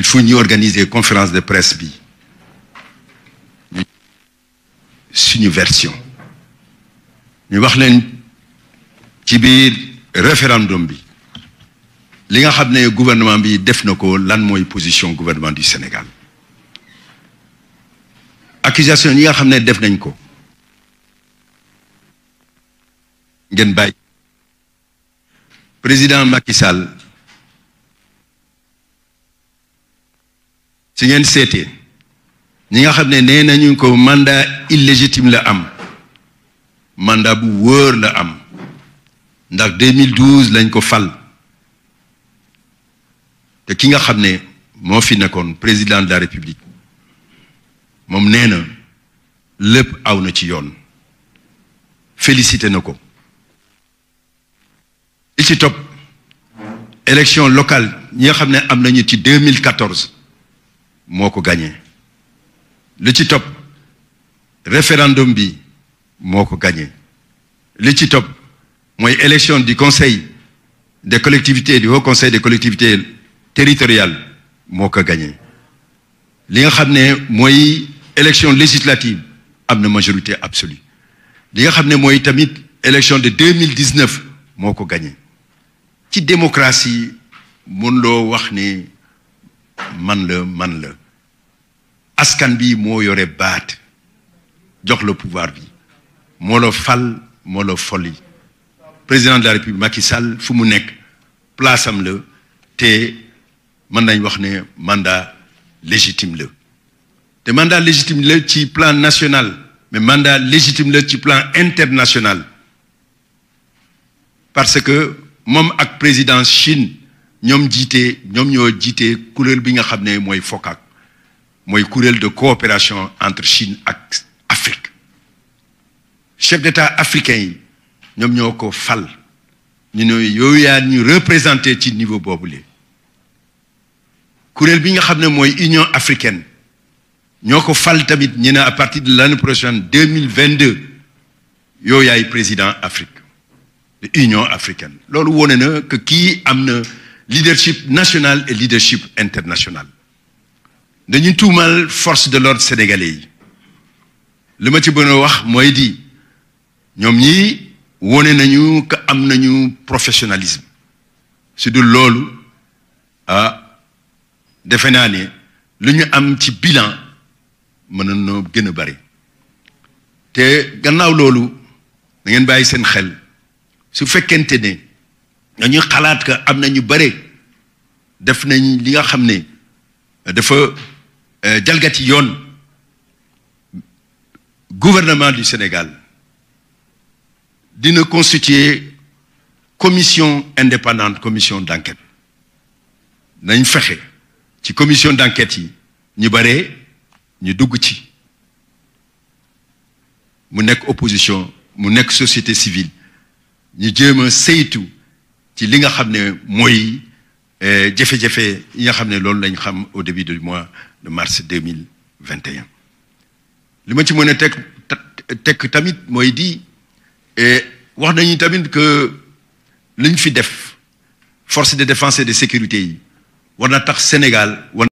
il faut ñuy organiser conférence de presse bi suñu version ñu wax leen ci biir référendum bi li nga xam ne gouvernement bi def na ko lan mooy position gouvernement du Sénégal accusation yi nga xam ne def nañ ko ngeen bàyyi président Macky ci ngeen seetee ñi nga xam ne nee nañu ko mandat illégitime la am mandat bu wóor la am ndax 2012 lañ ko fal te ki nga xam ne moo fi nekkoon président de la république moom nee na lépp aw na ci yoon félicité na ko li ci top élection locale ñi nga xam ne am nañu ci 2014 moo ko gagné li ci topp référendum bi moo ko gagné li ci topp mooy élection du conseil de collectivité du haut conseil de collectivité territorial moo ko gagné li nga xam ne mooy élection législative am na majorité absolue li nga xam ne mooy tamit élection de deux mille dix neuf moo ko gagné ci démocratie mënuloo wax ni man la man la askan bi moo yore baat jox la pouvoir bi moo la fal moo la folli président de la république Macky Sall fu mu nekk place am la te mën nañ wax ne mandat légitime la te mandat légitime la ci plan national mais mandat légitime la ci plan international parce que moom ak président Chine ñoom jiite ñoom ñoo jiitee kuréel bi nga xam ne mooy FOCAC mooy kuréel de coopération entre Chine ak Afrique chef d'état africain yi ñoom ñoo ko fal ñu ne yow yaa ñu représenté ci niveau boobu le kuréel bi nga xam ne mooy Union africaine ñoo ko fal tamit ñu ne à partir de l'année prochaine deux mille vingt deux yow yaay président Afrique Union africaine loolu wone na que am na leadership national et leadership international dañu tuumal force de l'ordre sénégalais yi li ma ci bëgg a wax mooy di ñoom ñi wone nañu que am nañu professionnalisme su du loolu ah defe naa ne lu ñu am ci bilan mënoon noo gën a bari te gannaaw loolu da ngeen bàyyi seen xel su fekkente ne ñu xalaat que am na ñu bare def nañ li nga xam ne dafa euh, jalgati yoon gouvernement du Sénégal dina constituer commission indépendante commission d'enquête nañ fexe ci commission d'enquête yi ñu bare ñu dugg ci mu nekk opposition mu nekk société civile ñu jéem a saytu ci li nga xam ne mooy euh, jafe-jafe yi nga xam ne loolu lañ xam au début du mois de mars deux mille vingt li ma ci mën a teg tekk tamit mooy di euh, wax nañu tamit que liñ fi def force de défense et de sécurité yi war na tax Sénégal.